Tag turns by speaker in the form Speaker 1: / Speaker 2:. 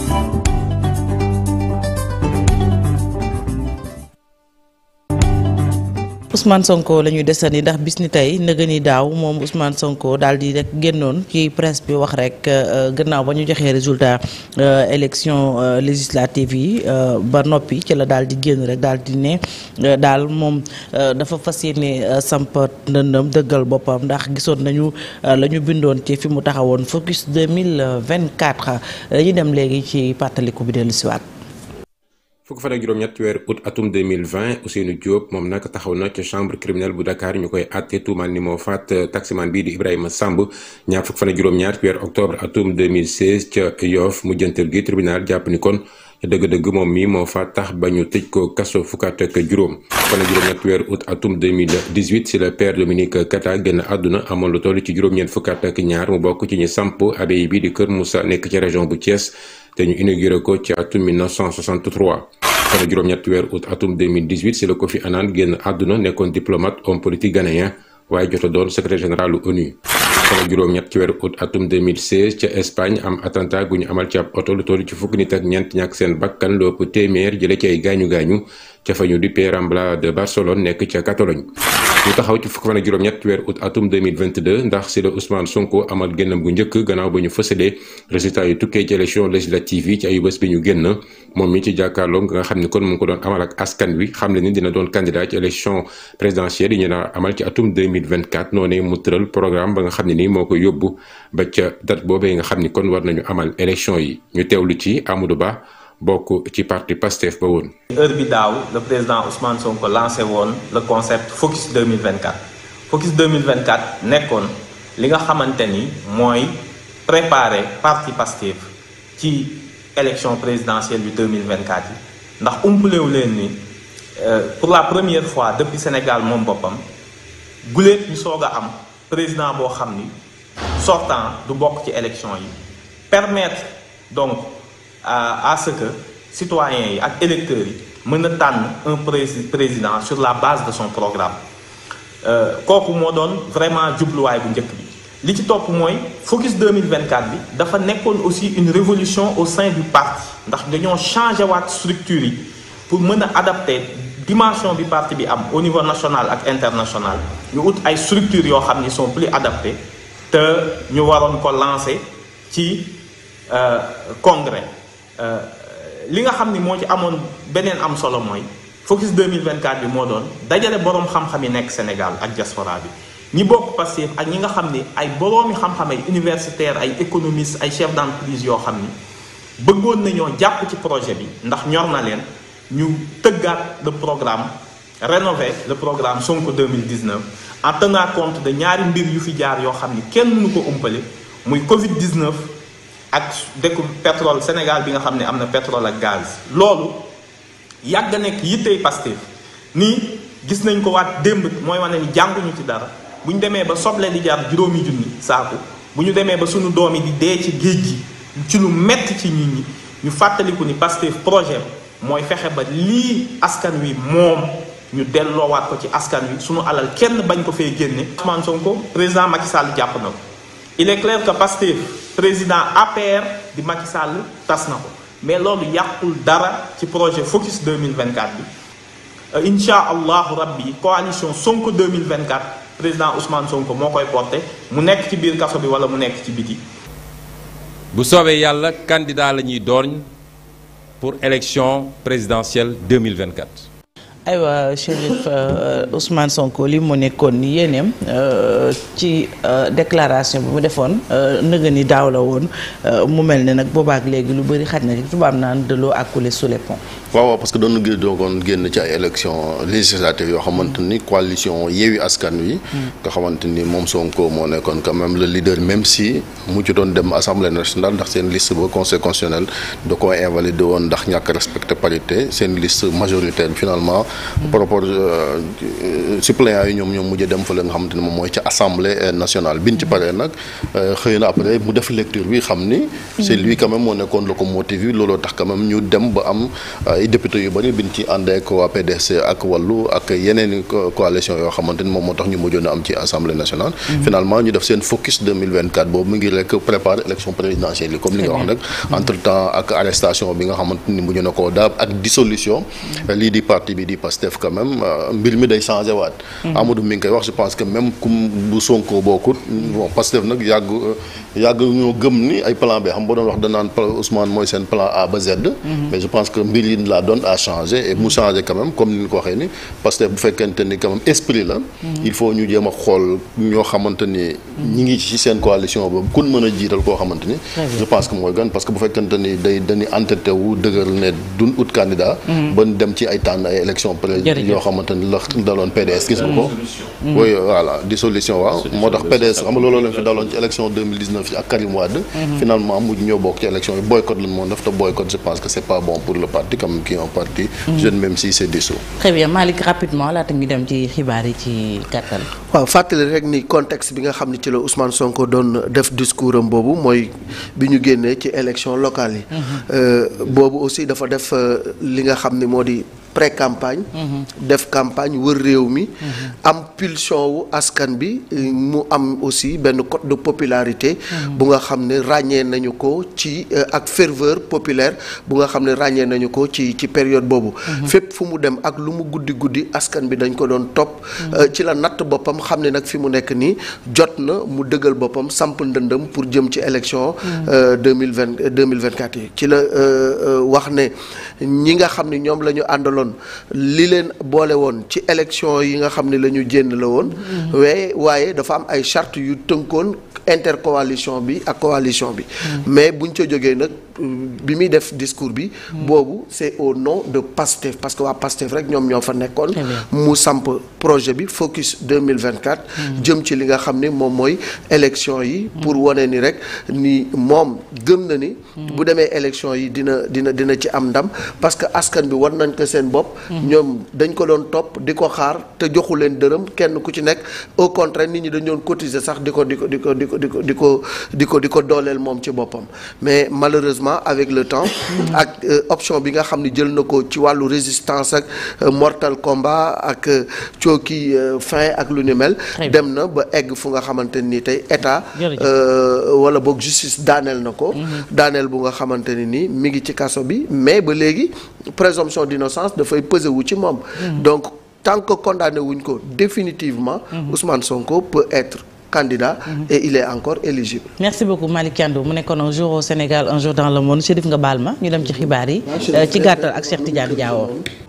Speaker 1: Thank you.
Speaker 2: Ousmane Sonko la ñuy desandi ndax bis ni tey nëgë ni daaw moom usman Sonko daal di rek génnoon ci presse bi wax rek euh, gannaaw ba ñu joxee résultat euh, élection euh, législative yi ba noppi ci la daal di génn rek daal di ne daal moom dafa fas yéene samp ndëndam dëggal boppam ndax gisoon nañu la ñu bindoon ci fi mu taxawoon focus 2024 dañuy dem léegi ci pàttaliku bi dellu siwaat
Speaker 3: fukk fan ak juróom-ñett weeru août atum 2020 Ousseynou Diop moom nag taxaw na ca chambre criminelle bu Dakar ñu koy àtte tuumaal ni moo faat euh, taximan bii di Ibrahima Samb ñaar fukk fan juróom-ñaar tribunal jàpp ni kon dëgg-dëgg moom mi moo fa tax ba ñu tëj ko kaso fukkaat ak juróom fukk fan ak juróom-ñett weeru août atum 2018 si la père Dominique Kata génn àdduna amoon lu toll ci juróom-ñeent fukkaat ak ñaar mu bokk ci ñu samp abbaye bi di Kër Moussa nekk ci région bu Thiès te ñu inauguré ko ci atum 1963 fan juróom-ñetti weer août atum 2018 si la Kofi Annan génn àdduna nekkoon diplomate homme politique ghanéen waaye jot a doon secrétaire général lu ONU. fan juróom-ñett ci weer août atum 2016 ca Espagne am attentat gu ñu amal ci ab oto lu toll ci fukki nit ak ñeent ñàkk seen bakkan lu ëpp téeméer jële ci ay gaañu gaañu ca fa ñu duppee Rambla de Barcelone nekk ca Catalogne. ñu taxaw ci fukk fan ak juróom-ñett weer août atum 2022 ndax si la Ousmane Sonko amal génnam gu njëkk gannaaw ba ñu fësalee résultat yu tukkee ci élection législative yi ci ayu bés bi ñu génn moom mi ci jàkkaarloom nga xam ni kon mu ngi ko doon amal ak askan wi xam ne ni dina doon candidat ci élection présidentielle yi ñu naa amal ci atum 2024 noonee mu tëral programme ba nga xam ni moo ko yóbbu ba ca date boobee nga xam ni kon war nañu amal élection yi ñu lu ci Amadou Ba bokk ci parti Pastef ba woon.
Speaker 1: heure bi daaw le président Ousmane Sonko lancé woon le concept Focus 2024 Focus 2024 nekkoon li nga xamante ni mooy prépare parti Pastef ci élection présidentielle bi 2024 yi ndax umpalewu leen ni euh, pour la première fois depuis Sénégal moom boppam guléet ñu soog a am président boo xam ni sortant du bokk ci élection yi permettre donc. à à que citoyens yi ak électeurs yi mën a tànn un président sur la base de son programme euh, kooku moo doon vraiment jubluwaay bu njëkk bi li ci topp mooy focus 2024 bi dafa nekkoon aussi une révolution au sein du parti ndax dañoo changé waat structure yi pour mën a adapter dimension bi parti bi am au niveau national ak international ñu ut ay structures yoo xam ni soo plus adaptées te ñu waroon ko lancer ci euh, congrès li nga xam ni moo ci amoon beneen am solo mooy focus 2024 bi moo doon dajale boroom xam-xam yi nekk Sénégal ak diaspora bi ñi bokk Pastef ak ñi nga xam ni ay boroomi xam-xam ay universitaire ay économiste ay chef d'entreprise yoo xam ni bëggoon nañoo jàpp ci projet bi ndax ñor na leen ñu tëggaat le programme rénové le programme Sonko 2019 en tenant compte de ñaari mbir yu fi jaar yoo xam ni kenn mënu ko umpale muy Covid 19. ak dëkku pétrole Sénégal bi nga xam ne am na pétrole ak gaz loolu yàgg nekk yittey Pastef nii gis nañ ko waat démb mooy wane ni jànguñu ci dara bu ñu demee ba soble di jar juróomi junni saaku bu ñu demee ba sunu doom yi di dee ci géej gi ci lu metti ci nit ñi ñu fàttaliku ni Pastef projet mooy fexe ba lii askan wi moom ñu delloowaat ko ci askan wi suñu alal kenn bañ ko fee génne Ousmane ko président Macky Sall jàpp na ko il est clair que Pastef président APR di Macky Sall tas na ko mais loolu yàqul dara ci projet Focus 2024 bi euh, insha allahu rabbi coalition Sonko 2024 président Ousmane Sonko moo koy porté mu nekk ci biir kaso bi wala mu nekk ci biti
Speaker 3: bu soobee yàlla candidat la ñuy doon pour élection présidentielle 2024
Speaker 2: aywa Chérif euh, euh, Ousmane Sonko li mu nekkoon ni yéeneem euh, ci déclaration bi mu defoon nëgë ni daaw la woon mu mel ni nag boobaak léegi lu bëri xaj na ci tubaab naan de l'eau a coulé sous les ponts.
Speaker 4: waaw parce que doon na doogoon génn ci ay élections législatives yoo xamante ni coalition Yewwi Askan Wi. Hmm. nga xamante moom Sonko moo nekkoon quand même le leader même si mu ci doon dem assemblée nationale ndax seen liste ba conseil constitutionnel da koo invalidé woon ndax ñàkk par rapport suppléants euh, yi ñoom ñoom mujj dem fa la nga xamante ne mooy ca assemblée nationale bi ci paree nag euh, xëy na après mu def lecture bi xam ni. c'est lui quand moo nekkoon locomotive yi looloo tax quand même ñu dem ba am euh, ay députés yu bari bi ñu ci àndee ak waa ak yeneen coalition yoo xamante ni moom moo tax ñu mujjoon a am ci assemblée nationale. Mm-hmm. finalement ñu def seen focus boobu mu ngi rek préparer élection présidentielle yi comme li nga wax bi nga xamante ni mujj na koo Pastef quand même euh, mbir mi day changé waat. Mm-hmm. Amadou mi ngi koy wax je pense que même kum bu Sonko bokkut bon Pastef nag yàgg euh, yàgg ñoo gëm ni ay plan B xam nga doon wax danaan Ousmane mooy seen plan A ba Z. Mm-hmm. mais je pense que mbir yi la donne a changé et mu changé quand même ni ñu ko waxee ni bu fekkente ni quand esprit la. Mm-hmm. il faut ñu jéem a xool ñoo xamante ñi ngi ci seen coalition boobu kun mën a jiital koo xamante je pense que mooy gan parce bu fekkente président yoo xamante ni la daloon PDS gis nga ko. oui voilà dissolution waaw. moo tax PDS xam looloo leen fi daloon ci élection ak Karim Wade. Mhm. finalement mujj ñoo bokk ci élection yi boycott lañ moom
Speaker 5: mhm. la Ousmane Sonko doon def discours am boobu mooy bi ñu génnee ci élection locale yi. Mhm. Euh, boobu aussi dafa def euh, li nga xam ne moo di. pré campagne. def campagne wër réew mi. am pulsion askan bi mu am aussi benn cote de popularité. bu nga xam ne ràññee nañu ko ci euh, ak ferveur populaire bu nga xam ne ràññee nañu ko ci ci période boobu. fépp fu mu dem ak lu mu guddi guddi askan bi dañ ko doon topp. Euh, ci la natt boppam xam ne nag fi mu nekk nii jot na mu dëggal boppam samp ndëndëm pour jëm ci élection. Euh, deux mille vingt deux mille vingt quatre yi ci la wax ne ñi nga xam ne ñoom la àndaloon. yoon li leen boole woon ci élection yi nga xam ne la ñu jénn la woon waaye waaye dafa am ay charte yu tënkoon intercoalition bi ak coalition bi mm. mais buñ ca jógee nag bi muy def discours bi. boobu c'est au non de PASTEF parce que waa PASTEF rek ñoom ñoo fa nekkoon. Eh mu samp projet bi focus 2024. Hmm. jëm ci li nga xam ne moom mooy élection yi. pour hmm. wane ni rek ni moom gëm na ni. Hmm. bu demee élection yi dina dina dina ci am ndam parce que askan bi war nañ ko seen bopp. ñoom dañ ko doon topp di ko xaar te joxu leen dërëm kenn ku ci nekk au contraire nit ñi dañu doon cotiser sax di ko di di ko di di ko di ko di ko dooleel moom ci boppam mais malheureusement. développement avec le temps hmm. ak euh, option bi nga xam ne jël na ko ci wàllu résistance ak euh, mortal combat ak euh, cooki fin ak lu ni mel dem na ba egg fu nga xamante ni tey état wala boog justice daaneel na ko hmm. daaneel bu nga xamante ne nii mi ngi ci kaso bi mais ba léegi présomption d'innocence dafay peser wu ci moom hmm. donc tant que wuñ ko définitivement Ousmane Sonko peut être candidat mhm. et il encore éligible.
Speaker 2: merci beaucoup Malick Thiandou mu nekkoon un jour au Sénégal un jour dans le monde Chérif nga baal ma ñu dem ci xibaar yi. Euh, ci euh, gàttal ak Cheikh Tidiane Diawo.